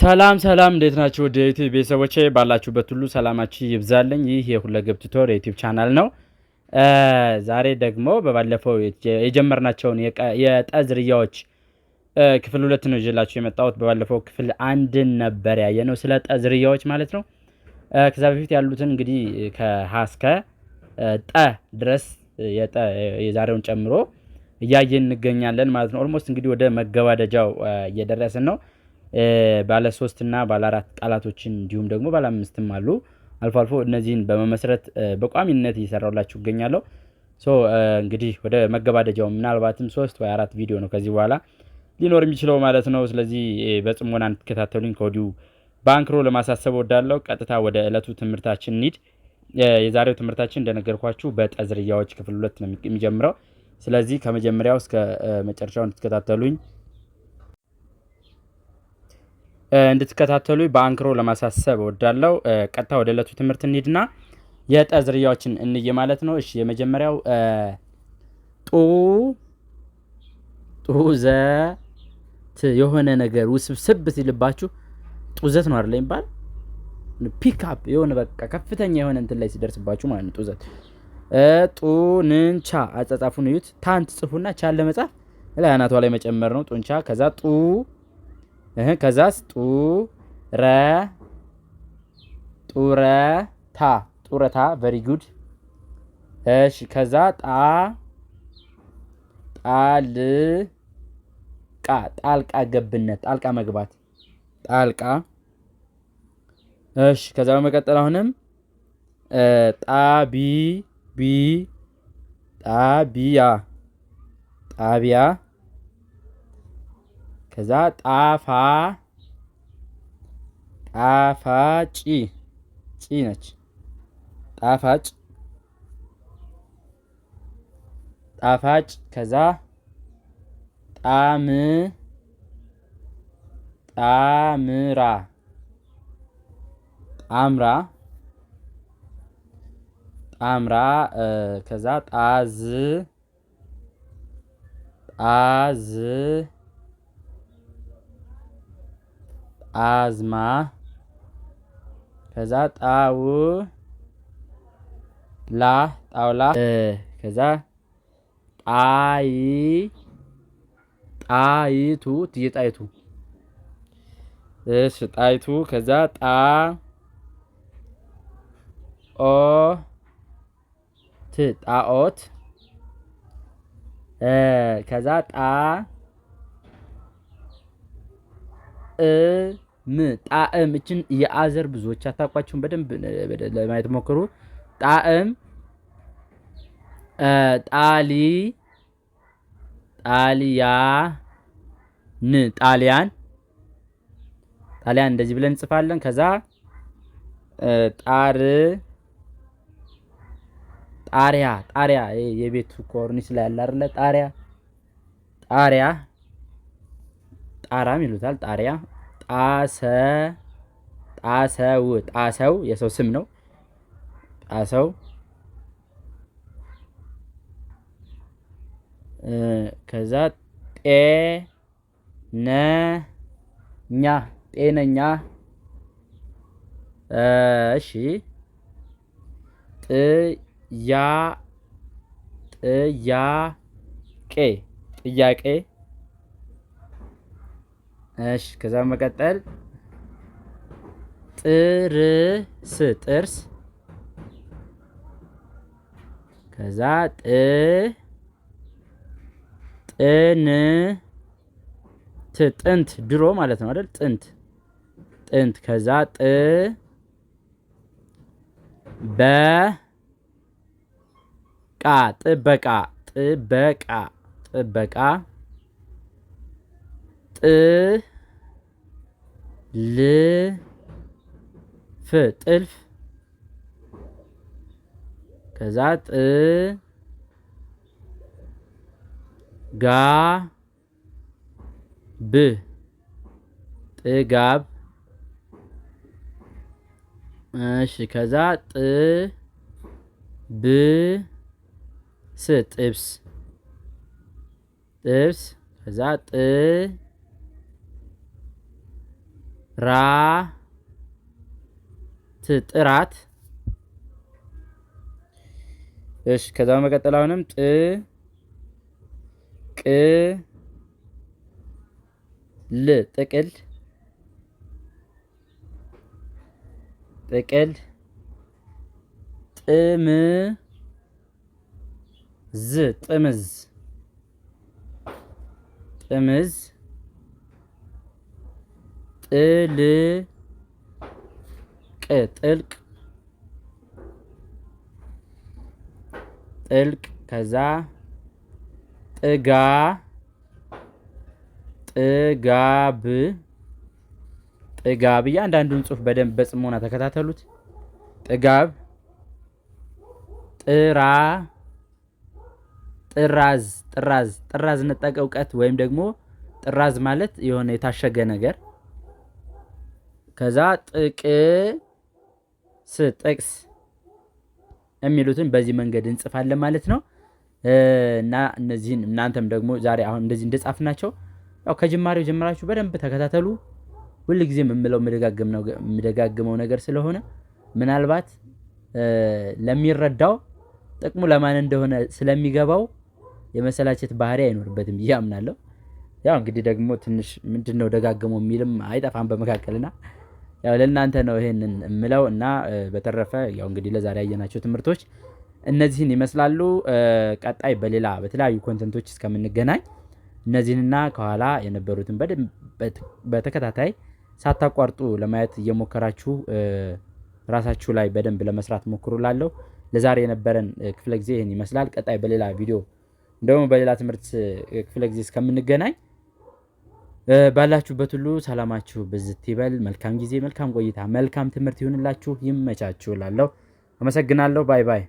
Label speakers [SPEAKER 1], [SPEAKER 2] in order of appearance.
[SPEAKER 1] ሰላም ሰላም እንዴት ናችሁ? ወደ ዩቲብ ቤተሰቦቼ ባላችሁበት ሁሉ ሰላማችሁ ይብዛለኝ። ይህ የሁለገብ ቱቶር የዩቲብ ቻናል ነው። ዛሬ ደግሞ በባለፈው የጀመርናቸውን የጠ ዝርያዎች ክፍል ሁለት ነው ይዤላችሁ የመጣሁት። በባለፈው ክፍል አንድን ነበር ያየ ነው ስለ ዕጣ ዝርያዎች ማለት ነው። ከዛ በፊት ያሉትን እንግዲህ ከሀ እስከ ጠ ድረስ የዛሬውን ጨምሮ እያየን እንገኛለን ማለት ነው። ኦልሞስት እንግዲህ ወደ መገባደጃው እየደረስን ነው። ባለ ሶስት እና ባለ አራት ቃላቶችን እንዲሁም ደግሞ ባለ አምስትም አሉ። አልፎ አልፎ እነዚህን በመመስረት በቋሚነት እየሰራሁላችሁ እገኛለሁ። ሶ እንግዲህ ወደ መገባደጃው ምናልባትም ሶስት ወይ አራት ቪዲዮ ነው ከዚህ በኋላ ሊኖር የሚችለው ማለት ነው። ስለዚህ በጽሞና እንድትከታተሉኝ ከወዲሁ በአንክሮ ለማሳሰብ ወዳለው ቀጥታ ወደ ዕለቱ ትምህርታችን እንሂድ። የዛሬው ትምህርታችን እንደነገርኳችሁ በጠ ዝርያዎች ክፍል ሁለት ነው የሚጀምረው። ስለዚህ ከመጀመሪያው እስከ መጨረሻው እንድትከታተሉኝ እንድትከታተሉ በአንክሮ ለማሳሰብ እወዳለሁ። ቀጥታ ወደ ዕለቱ ትምህርት እንሂድና የጠ ዝርያዎችን እንየ ማለት ነው። እሺ የመጀመሪያው ጡ ጡዘት የሆነ ነገር ውስብስብ ሲልባችሁ ጡዘት ነው አይደለ ይባል ፒክአፕ የሆነ በቃ ከፍተኛ የሆነ እንትን ላይ ሲደርስባችሁ ማለት ነው። ጡዘት ጡንቻ አጻጻፉን እዩት። ታንት ጽፉና ቻን ለመጻፍ ላይ አናቷ ላይ መጨመር ነው ጡንቻ። ከዛ ጡ ከዛስ ጡረ ጡረታ ጡረታ ቨሪ ጉድ። እሺ ከዛ ጣ ቃ ጣልቃ ገብነት ጣልቃ መግባት ጣልቃ። እሺ ከዛ በመቀጠል አሁንም ጣቢ ቢ ጣቢያ ጣቢያ ከዛ ጣፋ ጣፋጭ ጭ ነች። ጣፋጭ ጣፋጭ ከዛ ጣም ጣምራ ጣምራ ጣምራ ከዛ ጣዝ ጣዝ አዝማ ከዛ ጣው ላ ጣውላ ከዛ ጣይ ጣይቱ ትዬ እሺ ጣይቱ ከዛ ጣ ኦ ት ጣኦት ከዛ ጣ እ ም ጣዕም እችን የአዘር ብዙዎች አታውቋቸውም። በደንብ ለማየት ሞክሩ። ጣዕም ጣሊ ጣሊያ ን ጣሊያን ጣሊያን እንደዚህ ብለን እንጽፋለን። ከዛ ጣር ጣሪያ ጣሪያ የቤቱ ኮርኒስ ላይ ያለ አይደለ? ጣሪያ ጣሪያ ጣራም ይሉታል ጣሪያ ጣሰ ጣሰው ጣሰው የሰው ስም ነው። ጣሰው ከዛ ጤነኛ ጤነኛ እሺ ጥያ ጥያቄ ጥያቄ እሺ ከዛ መቀጠል ጥርስ ጥርስ ከዛ ጥ ት ጥንት ድሮ ማለት ነው አይደል? ጥንት ጥንት ከዛ ጥ በቃ ጥበቃ ጥበቃ ጥበቃ ጥልፍ ጥልፍ ከዛ ጥ ጋ ብ ጥጋብ እሺ ከዛ ጥ ብ ስ ጥብስ ጥብስ ከዛ ጥ ራት ጥራት። እሺ ከዛ በመቀጠል አሁንም ጥ ቅ ል ጥቅል ጥቅል ጥምዝ ጥምዝ ጥምዝ ጥልቅ ጥልቅ ጥልቅ ከዛ ጥጋ ጥጋብ ጥጋብ። እያንዳንዱን ጽሑፍ በደንብ በጽሞና ተከታተሉት። ጥጋብ ጥራ ጥራዝ ጥራዝ ጥራዝ ነጠቅ እውቀት ወይም ደግሞ ጥራዝ ማለት የሆነ የታሸገ ነገር ከዛ ጥቅስ ጥቅስ የሚሉትን በዚህ መንገድ እንጽፋለን ማለት ነው። እና እነዚህን እናንተም ደግሞ ዛሬ አሁን እንደዚህ እንደጻፍናቸው ያው ከጅማሬው ጀምራችሁ በደንብ ተከታተሉ። ጊዜ የምለው የምደጋግመው ነገር ስለሆነ ምናልባት ለሚረዳው ጥቅሙ ለማን እንደሆነ ስለሚገባው የመሰላቸት ባህሪ አይኖርበትም ብዬ አምናለሁ። ያው እንግዲህ ደግሞ ትንሽ ምንድን ነው ደጋግሞ የሚልም አይጠፋም በመካከልና ያው ለእናንተ ነው ይሄንን የምለው እና በተረፈ ያው እንግዲህ ለዛሬ ያየናቸው ትምህርቶች እነዚህን ይመስላሉ። ቀጣይ በሌላ በተለያዩ ኮንተንቶች እስከምንገናኝ እነዚህንና ከኋላ የነበሩትን በተከታታይ ሳታቋርጡ ለማየት እየሞከራችሁ ራሳችሁ ላይ በደንብ ለመስራት ሞክሩ ለዛሬ የነበረን ክፍለ ጊዜ ይህን ይመስላል። ቀጣይ በሌላ ቪዲዮ እንደውም በሌላ ትምህርት ክፍለ ጊዜ እስከምንገናኝ ባላችሁበት ሁሉ ሰላማችሁ ብዝት ይበል። መልካም ጊዜ፣ መልካም ቆይታ፣ መልካም ትምህርት ይሁንላችሁ። ይመቻችሁ እላለሁ። አመሰግናለሁ። ባይ ባይ